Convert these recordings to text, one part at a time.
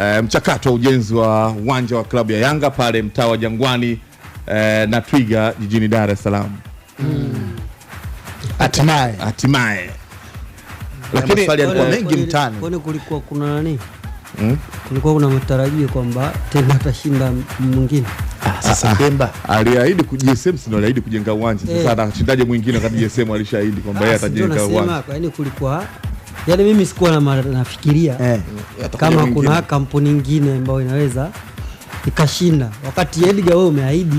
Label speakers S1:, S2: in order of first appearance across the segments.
S1: e, mchakato wa ujenzi wa uwanja wa klabu ya Yanga pale mtaa wa Jangwani e, na Twiga jijini Dar es Salaam. Hmm. Hatimaye mm. hatimaye, lakini
S2: maswali yalikuwa mengi mtaani. Kwani kulikuwa kuna nani? Mm? Kulikuwa kuna matarajio kwamba tena atashinda mwingine.
S1: Ah, Sasa Pemba ah, ah. aliahidi JSM, sio aliahidi kujenga uwanja sasa, eh. atashindaje mwingine wakati JSM alishaahidi kwamba ah, yeye atajenga uwanja?
S2: Yaani kulikuwa yani mimi sikuwa na nafikiria eh, kama kuna kampuni nyingine ambayo inaweza ikashinda, wakati Edgar wewe umeahidi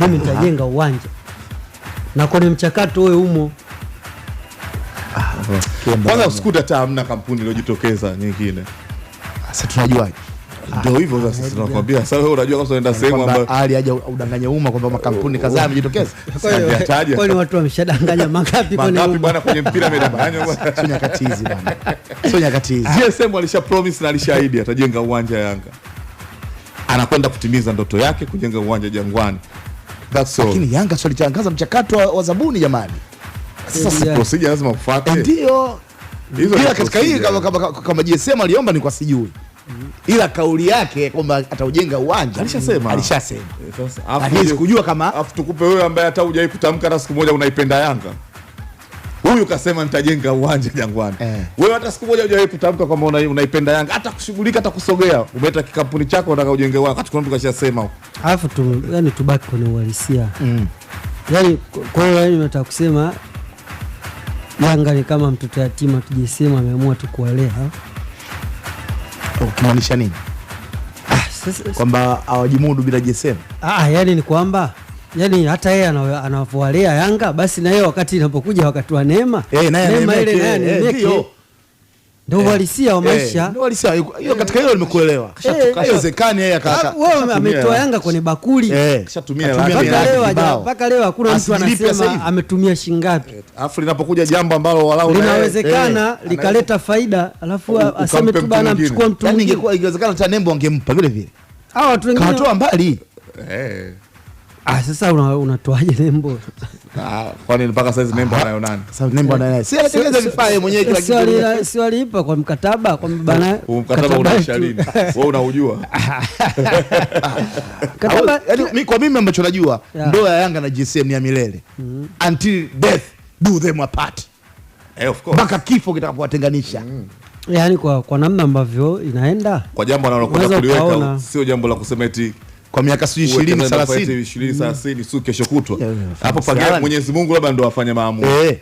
S2: mimi nitajenga uwanja na kwenye mchakato wewe umo.
S1: Ah, Kwanza usikuta hata hamna kampuni iliyojitokeza nyingine,
S2: sasa tunajuaje?
S1: Ah. ndio hivyo sasa tunakwambia sasa. Wewe unajua kama unaenda sehemu
S2: ambayo hali haja udanganya umma kwamba makampuni kadhaa yamejitokeza. Sasa kwani watu wameshadanganya mangapi kwenye mangapi
S1: bwana, kwenye mpira amedanganya
S2: bwana, sio nyakati hizi bwana, sio nyakati hizi.
S1: GSM alisha promise na alishaahidi atajenga uwanja Yanga, anakwenda kutimiza ndoto yake kujenga uwanja Jangwani, that's all. Lakini
S2: Yanga sio alitangaza mchakato wa zabuni jamani,
S1: sasa procedure lazima ufuate,
S2: ndio hizo katika hii kama kama GSM aliomba ni kwa sijui ila kauli yake kwamba ataujenga uwanja alishasema, alishasema. Eh, Lakini sikujua kama
S1: afu tukupe wewe ambaye hata hujai kutamka hata siku moja unaipenda Yanga. Huyu kasema nitajenga uwanja Jangwani eh. Wewe hata siku moja hujai kutamka kwamba unaipenda Yanga, hata kushughulika, hata kusogea, umeleta kikampuni chako unataka ujenge uwanja, kati kuna mtu kashasema huko,
S2: alafu tu yani tubaki kwenye uhalisia mm. Yani kwa hiyo yani nataka kusema Yanga ni kama mtoto yatima, tujisema ameamua tu kuwalea
S1: Ukimaanisha nini? Ah, kwamba hawajimudu bila JSM.
S2: Ah, yani ni kwamba yani hata yeye anavoalea Yanga basi na yeye wakati inapokuja wakati wa neema,
S1: hey, eh, neema
S2: ile naye eh, ndio eh. uhalisia wa eh. maisha. Ndio
S1: uhalisia hiyo, katika eh. hilo nimekuelewa. Haiwezekani yeye akaka ah,
S2: wewe ametoa Yanga kwenye bakuli kishatumia, mpaka leo hakuna mtu anasema ametumia shilingi ngapi.
S1: Alafu linapokuja jambo ambalo walau
S2: linawezekana likaleta faida, alafu aseme tu bana, mchukua mtu yaani
S1: mwingine. Ingekuwa ingewezekana hata nembo angempa vile vile, hawa watu wengine katoa mbali eh.
S2: Ah, sasa unatoaje Nembo?
S1: Ah, kwani mpaka saizi Nembo anayo nani?
S2: Sasa Nembo eh. anayo.
S1: Si anatengeneza vifaa yeye mwenyewe
S2: kila kitu. Si waliipa kwa mkataba kwa bana.
S1: Mkataba una shalini. Wewe unaujua.
S2: Mkataba mimi yaani kwa mimi ambacho najua ndoa ya Yanga na GSM ni ya milele. Mm-hmm. Until death do them apart. Eh, of course. Mpaka kifo kitakapowatenganisha. Mm. Yaani kwa kwa namna ambavyo inaenda.
S1: Kwa jambo analokwenda kuliweka sio jambo la kusema eti
S2: kwa miaka sijui ishirini thelathini
S1: ishirini kesho kutwa hapo pangea Mwenyezi Mungu labda ndo afanye maamuzi
S2: eh.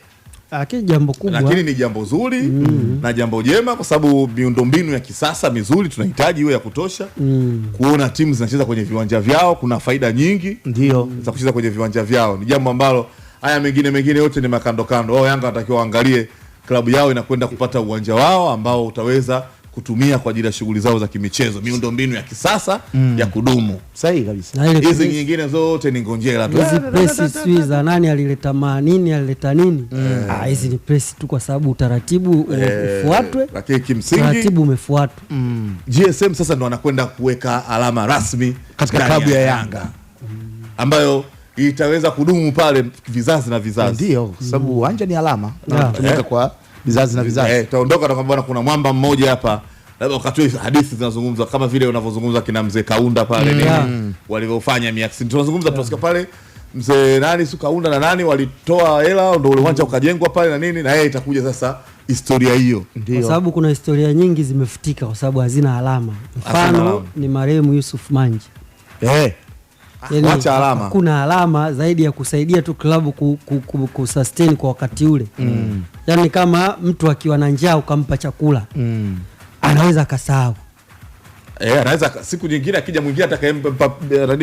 S2: lakini jambo kubwa,
S1: lakini ni jambo zuri mm. na jambo jema, kwa sababu miundombinu ya kisasa mizuri tunahitaji iwe ya kutosha mm. kuona timu zinacheza kwenye viwanja vyao. Kuna faida nyingi ndio za kucheza kwenye viwanja vyao, ni jambo ambalo haya mengine mengine yote ni makando kando. Oh, Yanga anatakiwa waangalie klabu yao inakwenda kupata uwanja wao ambao utaweza kutumia kwa ajili ya shughuli zao za kimichezo, miundombinu ya kisasa mm. ya kudumu. Sahihi kabisa. Hizi nyingine zote ni ngonjera tu.
S2: Hizi press sijui za nani alileta manini alileta nini? Eh. Ah, hizi ni press tu kwa sababu utaratibu eh, ufuatwe.
S1: Lakini kimsingi
S2: utaratibu umefuatwa.
S1: mm. GSM sasa ndo anakwenda kuweka alama rasmi
S2: katika klabu ya Yanga mm.
S1: ambayo itaweza kudumu pale vizazi na vizazi.
S2: Ndio, sababu mm. uwanja mm. ni alama. yeah. Eh. Kwa
S1: vizazi na vizazi. Eh, taondoka na kwamba kuna mwamba mmoja hapa labda wakati hadithi zinazungumzwa kama vile unavyozungumza kina mzee Kaunda pale mm. mm. walivyofanya miaka 60 tunazungumza yeah. tunasikia pale mzee nani su Kaunda na nani walitoa hela ndio ule uwanja ukajengwa pale na nini, na yeye itakuja sasa historia hiyo,
S2: kwa sababu kuna historia nyingi zimefutika kwa sababu hazina alama. Mfano ni marehemu Yusuf Manji
S1: eh. Yani, alama.
S2: Kuna alama zaidi ya kusaidia tu klabu ku, ku, ku, ku sustain kwa wakati ule mm yani kama mtu akiwa na njaa ukampa chakula mm. anaweza akasahau
S1: Eh, anaweza siku nyingine akija mwingine atakayempa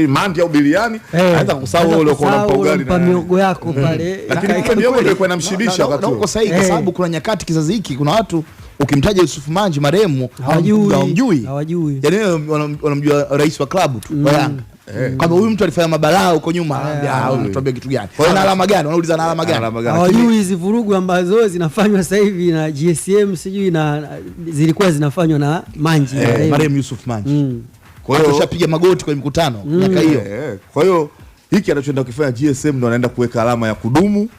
S1: mandi au biliani eh, anaweza kusahau ule
S2: kwa unampa ugali na miogo yako mm. pale,
S1: lakini kwa miogo ndio inamshibisha wakati
S2: huo. sahihi kwa eh. sababu kuna nyakati kizazi hiki kuna watu ukimtaja Yusuf Manji marehemu hawajui, hawajui, hawajui, yani wanamjua rais wa klabu tu mm. wa Yanga Eh. kwamba huyu mtu alifanya mabalaa huko nyuma, eh. ah, tuambie kitu gani, ana alama gani? Wanauliza na alama gani? Hawajui hizi vurugu ambazo zinafanywa sasa hivi na GSM sijui na zilikuwa zinafanywa na Manji, eh, marehemu Yusuf Manji. Mm. Kwa hiyo tushapiga magoti kwenye mkutano mm. miaka hiyo.
S1: Kwa hiyo hiki anachoenda kufanya GSM ndo anaenda kuweka alama ya kudumu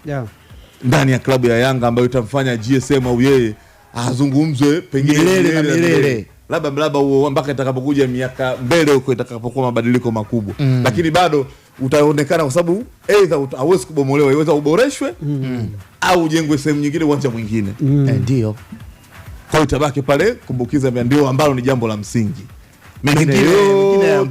S1: ndani ya klabu ya Yanga ambayo itamfanya GSM au yeye azungumzwe pengine milele na milele labda mlaba huo mpaka itakapokuja miaka mbele huko itakapokuwa mabadiliko makubwa mm. Lakini bado utaonekana kwa sababu aidha hauwezi kubomolewa, iweza uboreshwe mm. au ujengwe sehemu nyingine, uwanja mwingine
S2: mm. eh, ndio
S1: Kwa itabaki pale kumbukiza vya ndio ambalo ni jambo la msingi eh.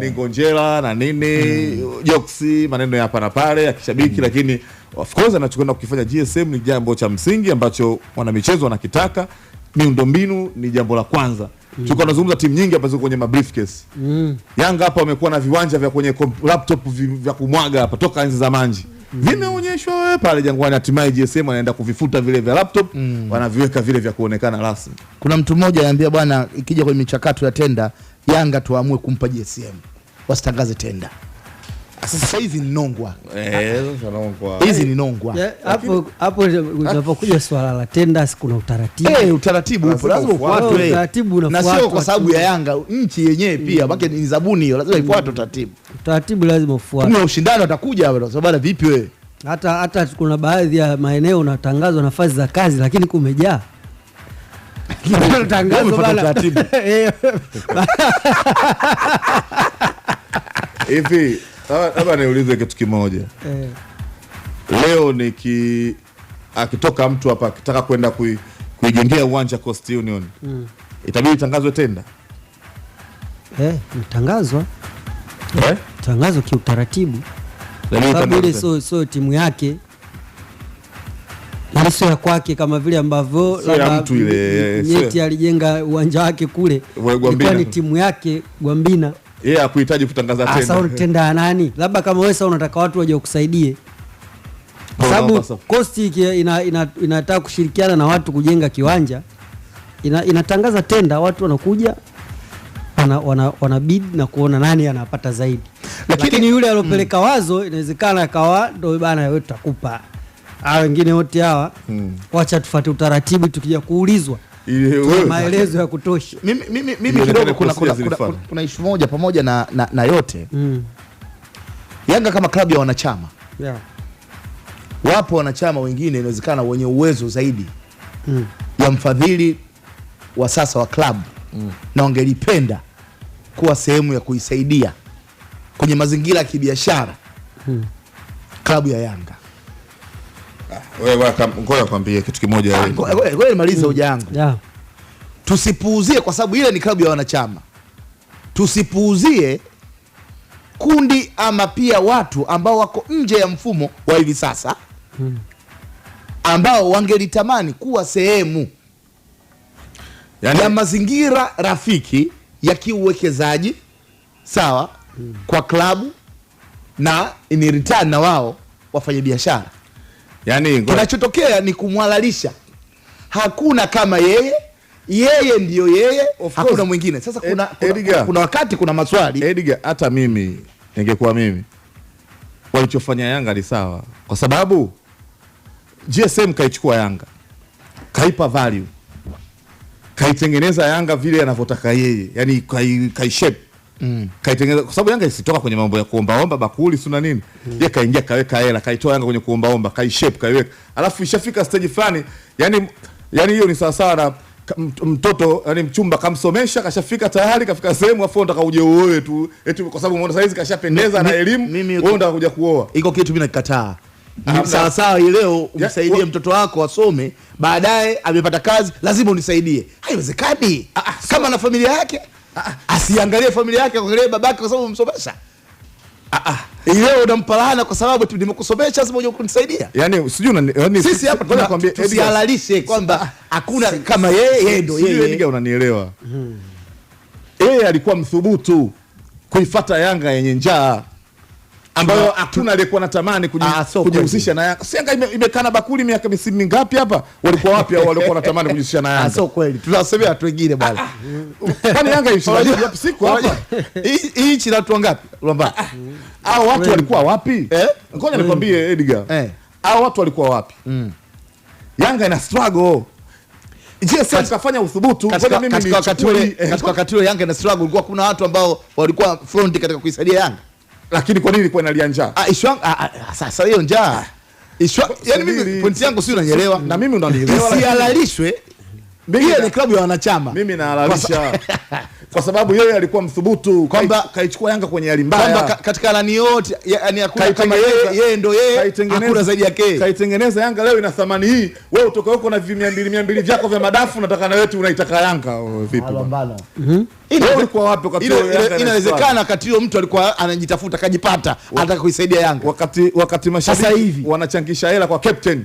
S1: ni ngonjera na nini mm. maneno ya hapa na pale ya kishabiki mm. Lakini of course anachokwenda kukifanya GSM ni jambo cha msingi ambacho wanamichezo wanakitaka, miundombinu ni jambo la kwanza. Mm. Tulikuwa tunazungumza timu nyingi hapa ziko kwenye mabriefcase. Mm. Yanga hapa wamekuwa na viwanja vya kwenye laptop vya kumwaga hapa toka enzi za Manji. Mm. Vimeonyeshwa wewe pale Jangwani, hatimaye GSM anaenda kuvifuta vile vya laptop, mm. wanaviweka vile vya kuonekana rasmi.
S2: Kuna mtu mmoja anaambia bwana, ikija kwenye michakato ya tenda Yanga tuamue kumpa GSM. Wasitangaze tenda. Eh, sasa hizi ni nongwa hizi ni nongwa. Eh, hapo hapo unapokuja swala la tenders, kuna utaratibu
S1: eh, utaratibu upo, lazima
S2: ufuatwe utaratibu na sio kwa sababu ya Yanga, nchi yenyewe pia baki mm. ni zabuni hiyo, lazima ifuatwe utaratibu, utaratibu lazima ufuatwe. Kuna
S1: ushindano utakuja hapa, sababu bana, vipi wewe?
S2: Hata hata kuna baadhi ya maeneo unatangazwa nafasi za kazi, lakini kumejaa
S1: eh. hivi Ah, labda niulize kitu kimoja eh. Leo niki akitoka mtu hapa akitaka kwenda kuijengea uwanja Coast Union mm. itabidi itangazwe tenda
S2: eh, mtangazwa eh? tangazo kiutaratibu, sababu ile sio so timu yake ile sio ya kwake, kama vile ambavyo Nyeti alijenga uwanja wake kule, ilikuwa ni timu yake Gwambina
S1: yeye yeah, hakuhitaji kutangaza ah, tena. Sasa
S2: unatenda nani? Labda kama wewe sasa unataka watu waje kukusaidie, kwa sababu kosti inataka ina, ina kushirikiana na watu kujenga kiwanja, ina, inatangaza tenda, watu wanakuja wanabidi wana, wana na kuona nani anapata zaidi, lakini, lakini yule aliopeleka mm, wazo inawezekana akawa ndio bana wewe tutakupa, wengine wote hawa mm, wacha tufuate utaratibu, tukija kuulizwa maelezo ya kutosha. Mimi, kidogo kuna, kuna, kuna, kuna, kuna ishu moja pamoja na, na, na yote mm. Yanga kama klabu ya wanachama yeah. Wapo wanachama wengine inawezekana wenye uwezo zaidi mm. ya mfadhili wa sasa wa klabu mm. na wangelipenda kuwa sehemu ya kuisaidia kwenye mazingira ya kibiashara mm. klabu ya Yanga
S1: ngoja kitu kimoja
S2: wewe. Ah, hoja yangu. Tusipuuzie kwa sababu ile ni klabu ya wanachama. Tusipuuzie kundi ama pia watu ambao wako nje ya mfumo wa hivi sasa hmm, ambao wangelitamani kuwa sehemu yani, ya mazingira rafiki ya kiuwekezaji sawa, hmm, kwa klabu na ni return na wao wafanye biashara yani, kinachotokea ni kumwalalisha. Hakuna kama yeye, yeye ndiyo yeye, hakuna mwingine. Sasa kuna, kuna, kuna, kuna wakati kuna maswali
S1: Edgar, hata mimi ningekuwa mimi, walichofanya Yanga ni sawa, kwa sababu GSM kaichukua Yanga kaipa value, kaitengeneza Yanga vile anavyotaka yeye, yani kai, kai shape Mm. Kaitengeneza kwa sababu Yanga isitoka kwenye mambo ya kuombaomba bakuli sio na nini. Mm. Ye kaingia kaweka hela, kaitoa Yanga kwenye kuombaomba, kaishape kaiweka. Alafu ishafika stage fulani, yani yani hiyo ni sawa sawa na mtoto yani mchumba kamsomesha kashafika tayari kafika sehemu afu unataka uje uoe tu eti kwa sababu umeona saizi kashapendeza na elimu wewe unataka kuja kuoa.
S2: Iko kitu mimi nakikataa. Ah, sawa sawa, leo umsaidie yeah, mtoto wako asome, baadaye amepata kazi, lazima unisaidie. Haiwezekani. Ah, ah Kama na familia yake asiangalie familia yake, angalie babake kwa sababu umsomesha. ah. ah. Leo unampa laana kwa sababu tu nimekusomesha, lazima uje kunisaidia.
S1: Yani sijui
S2: yani, sisi hapa tunakwambia tusihalalishe kwamba ah, hakuna kama yeye, yeye ndo
S1: yeye. Sijui ndio unanielewa? Hmm. Yeye alikuwa mthubutu kuifuata Yanga yenye njaa ambayo hakuna aliyekuwa na tamani ah, kujihusisha na Yanga. Yanga imekana bakuli miaka misimu mingapi hapa? Walikuwa wapi hao waliokuwa na tamani kujihusisha na ah, Yanga? Sio kweli, tunasemea watu wengine bwana. Ah, Kwani Yanga
S2: siku hapa hii nchi wangapi lomba eh? eh.
S1: Hao watu walikuwa wapi? Ngoja nikwambie Edgar, hao watu walikuwa wapi? Yanga ina struggle kafanya uthubutu
S2: katika wakati ule Yanga na struggle, kulikuwa kuna watu ambao walikuwa front katika kuisaidia Yanga
S1: lakini kwa nini ilikuwa inalia njaa?
S2: Ah, ishwa ah, ah, sasa hiyo njaa ishu yani mimi pointi yangu sio, unanielewa na mimi unanielewa, sihalalishwe. Mimi ni klabu ya wanachama,
S1: mimi na nahalalisha kwa sababu yeye alikuwa mthubutu kwamba kaichukua Yanga kwenye hali mbaya, kwamba
S2: katika alani yote yani hakuna kama yeye yeye ndo yeye hakuna zaidi yake,
S1: kaitengeneza Yanga leo ina thamani hii. Wewe utoka huko na vimia mbili mia mbili vyako vya madafu, nataka na wetu unaitaka Yanga oh,
S2: vipi? Mhm. kwa wapi Inawezekana wakati hiyo mtu alikuwa anajitafuta kajipata, anataka kuisaidia Yanga
S1: wakati wakati
S2: mashabiki
S1: wanachangisha hela kwa captain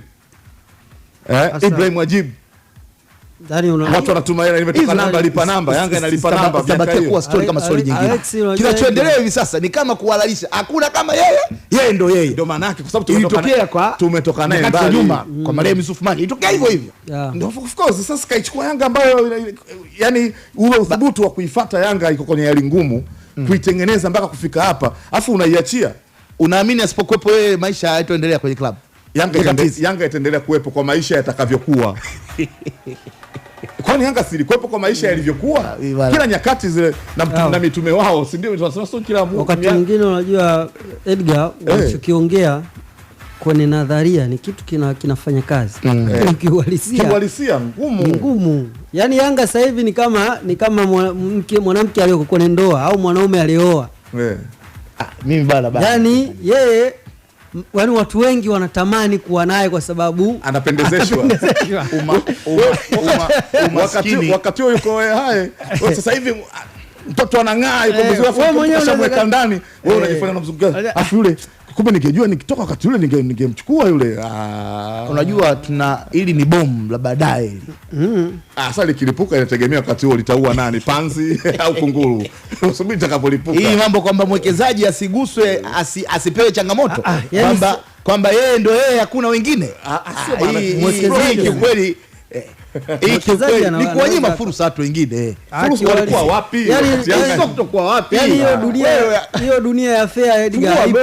S1: eh, Ibrahim Wajibu Yaani watu wanatumaini namba lipa namba, Yanga inalipa namba,
S2: tabakia kuwa stori kama stori nyingine.
S1: Kinachoendelea hivi sasa ni kama kuhalalisha, hakuna kama yeye yeye ndo yeye,
S2: ndo maana yake, kwa
S1: sababu kwa
S2: tumetoka naye mbali nyuma kwa mm. Mariam Yusuf Mali,
S1: hivyo hivyo, of course. Sasa kaichukua Yanga ambayo yani ule uthubutu wa kuifuata Yanga iko kwenye hali ngumu, mm. kuitengeneza mpaka kufika hapa, afu unaiachia,
S2: unaamini asipokuwepo yeye maisha hayatoendelea kwenye klabu
S1: Yanga, Yanga itaendelea kuwepo kwa maisha yatakavyokuwa. Kwani Yanga silikuwepo kwa maisha mm. yalivyokuwa kila nyakati zile na, na mitume wao, si ndio? Tunasema sio kila mtu.
S2: Wakati mwingine unajua Edgar, unachokiongea eh. hey kwenye nadharia ni kitu kina, kinafanya kazi mm. Eh. Kiuhalisia ngumu ngumu. Yani Yanga sasa hivi ni kama ni kama mwanamke mwanamke aliyoko kwenye ndoa au mwanaume alioa yeah. Ah, mimi bana bana, yani yeye Yaani watu wengi wanatamani kuwa naye kwa sababu
S1: anapendezeshwa. Wakati huo yuko hai, sasa hivi mtoto anang'aa, yuko eh, ndani, wewe eh. unajifanya mzungu afu yule Kumbe ningejua nikitoka wakati ule ningemchukua yule.
S2: Ah. Unajua tuna ili ni bomu la baadaye.
S1: Mm. likilipuka inategemea wakati huo litaua nani, panzi au kunguru. Usubiri itakapolipuka. Hii
S2: mambo kwamba mwekezaji asiguswe, asi, asipewe changamoto. Ah, ah yes. Kwamba kwamba yeye ndo yeye hakuna wengine. kiukweli ah, ni kuwanyima fursa watu wengine.
S1: Walikuwa wapi?
S2: Yaani, yaani, yaani- hiyo dunia ya fea Edgar ipo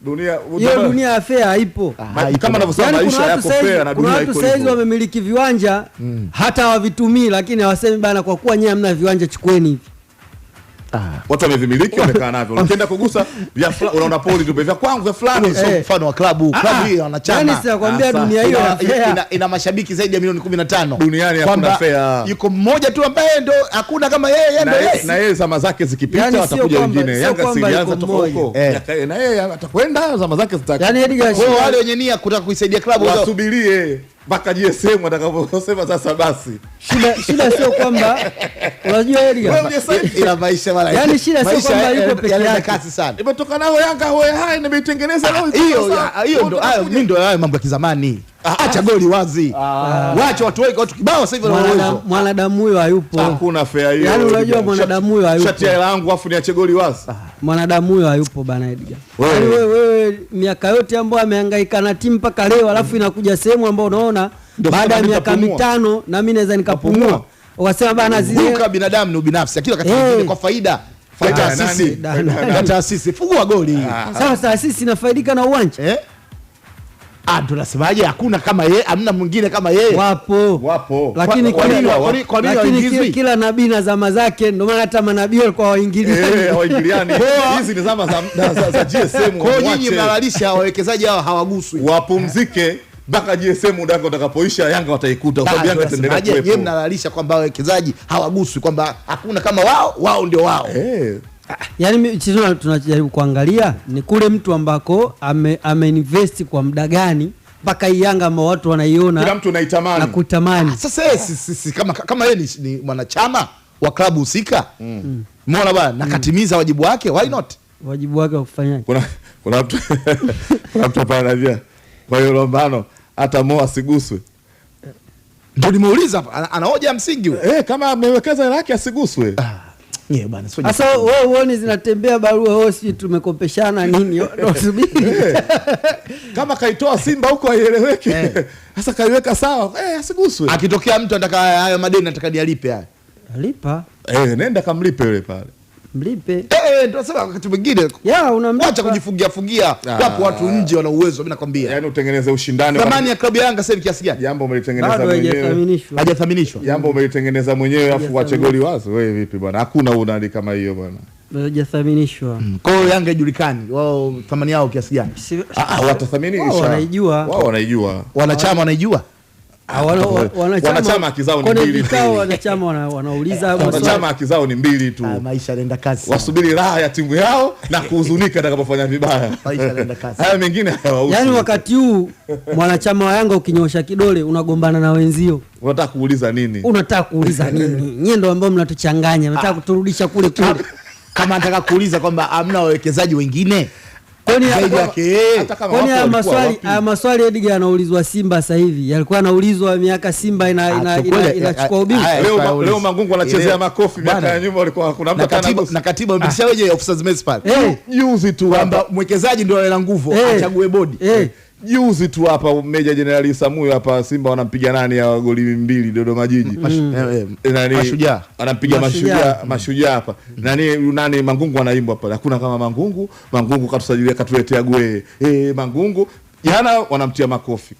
S2: dunia hiyo dunia ya fea ah, haipo. Kama unavyosema yaani maisha yako fea na dunia iko hivyo. Kuna watu wamemiliki viwanja mm. hata hawavitumii, lakini hawasemi bana, kwa kuwa nyinyi hamna viwanja, chukueni hivi
S1: Ah. watu wamevimiliki wamekaa navyo, ukienda kugusa vya fla, unaona poli tu vya kwangu vya fulani, sio eh. mfano wa klabu. Ah, klabu ah. hii wanachama, yani
S2: sinakwambia, dunia hiyo
S1: ina ina mashabiki zaidi ya milioni 15
S2: duniani, hakuna fair.
S1: Yuko mmoja tu ambaye ndo hakuna kama yeye, yeye ndo yeye, na yeye zama zake zikipita yani watakuja wengine. Yanga silianza toka huko, eh. na yeye atakwenda zama zake
S2: zitakaa. Yani
S1: wale wenye nia kutaka kuisaidia klabu wasubirie mpaka JSM atakaposema sasa basi.
S2: Shida shida sio kwamba unajua Elia, ila maisha wala yani, shida sio kwamba yuko
S1: peke yake, kasi sana imetoka nao Yanga hoye hai, nimeitengeneza leo
S2: ah, hiyo hiyo, ndo hayo mimi ndo hayo mambo ya kizamani. Ah, acha goli wazi, ah. wacha watu wengi, watu kibao sasa hivi wanaweza. Mwanadamu huyo hayupo,
S1: hakuna fair hiyo.
S2: Yani unajua mwanadamu huyo hayupo, shati
S1: yangu afu niache goli wazi. Ah,
S2: mwanadamu huyo hayupo bana Edgar. Yani wewe wewe, miaka yote ambayo amehangaika na timu mpaka leo, alafu inakuja sehemu ambayo unaona baada ya miaka mitano na mimi naweza nikapumua, wasema bana zile
S1: kwa binadamu ni ubinafsi, akiwa katika hey. kwa faida faida sisi taasisi, taasisi fungua goli
S2: sasa, taasisi inafaidika na uwanja eh?
S1: Ah, tunasemaje? Hakuna kama yeye, hamna mwingine kama yeye. Wapo, wapo,
S2: lakini kwa nini kwa nini waingizwi? Kila nabii na zama zake, ndio maana hata manabii walikuwa waingiliani,
S1: eh, hawaingiliani. Hizi ni zama za za za GSM. Kwa
S2: hiyo nyinyi mnalalisha wawekezaji hao hawaguswi,
S1: wapumzike eh. mpaka GSM muda wako utakapoisha, Yanga wataikuta kwa sababu Yanga itaendelea kuwepo. Nyinyi
S2: mnalalisha kwamba wawekezaji hawaguswi, kwamba hakuna kama wao, wao ndio wao. Eh. Yaani chizo tunajaribu kuangalia ni kule mtu ambako ame, ame invest kwa muda gani mpaka Yanga ambao watu wanaiona kila
S1: mtu anaitamani na
S2: kutamani. Ah,
S1: sasa yeye eh, si, si, si, kama kama yeye ni, ni mwanachama wa klabu husika mm. mm. Umeona bwana mm. nakatimiza mm. wajibu wake, why not
S2: wajibu wake wa kufanyaje?
S1: Kuna kuna mtu kuna mtu hapa anavia kwa hiyo lombano hata Mo asiguswe ndio nimeuliza, hapa, hoja msingi eh, kama amewekeza hela yake asiguswe ah.
S2: Yeah, bana. Sasa wewe uone zinatembea barua wewe si tumekopeshana nini? Eh.
S1: Kama kaitoa Simba huko haieleweki. Eh. Sasa kaiweka sawa. Eh, asiguswe.
S2: Akitokea mtu anataka hayo madeni anataka dialipe haya. Alipa.
S1: Eh, nenda kamlipe yule pale mlipe eh, eh ndio sasa. Wakati mwingine ya unaambia acha kujifungia fungia. Wapo watu nje wana uwezo, mimi nakwambia, yani utengeneze ushindani.
S2: Thamani ya klabu ya Yanga sasa hivi kiasi gani?
S1: Jambo umelitengeneza
S2: mwenyewe,
S1: hajathaminishwa. Jambo umelitengeneza mwenyewe, afu wache goli wazo. Wewe vipi bwana? Hakuna unali kama hiyo bwana
S2: hajathaminishwa mm.
S1: Kwa hiyo Yanga ijulikani wao thamani yao kiasi gani. Ah, ah, watathamini wao, wanaijua wao, wanaijua
S2: wanachama, wanaijua
S1: Ah, wanachama haki zao ni
S2: mbili tu, wanachama wanauliza
S1: wanachama haki zao ni mbili tu. Maisha yanaenda wasubiri raha ya timu yao na kuhuzunika atakapofanya vibaya. Maisha yanaenda haya mengine hayawahusu.
S2: Yaani wakati huu mwanachama wa Yanga ukinyosha kidole unagombana na wenzio,
S1: unataka kuuliza nini?
S2: Unataka kuuliza nini? Nyie ndio ambao mnatuchanganya, mnataka ah. kuturudisha kule kule. Kama nataka kuuliza kwamba hamna wawekezaji wengine Kwani haya maswali Edgar anaulizwa Simba sasa hivi yalikuwa anaulizwa miaka Simba ah, eh, inachukua eh, ubingwa.
S1: Leo Mangungu anachezea makofi miaka ya nyuma walikuwa
S2: kuna mtu na katiba umetisha
S1: ah. weje officers mess pale. Eh. Juzi tu kwamba mwekezaji ndio ana nguvu achague bodi. Juzi tu hapa Meja Jenerali Samuyo hapa Simba wanampiga nani hawa goli mbili Dodoma Jiji wanampiga mm. eh, eh, eh, mashujaa anampiga mm. mashujaa hapa nani nani Mangungu anaimbwa pale hakuna kama Mangungu. Mangungu katusajilia katuletea gwee eh, Mangungu jana wanamtia makofi.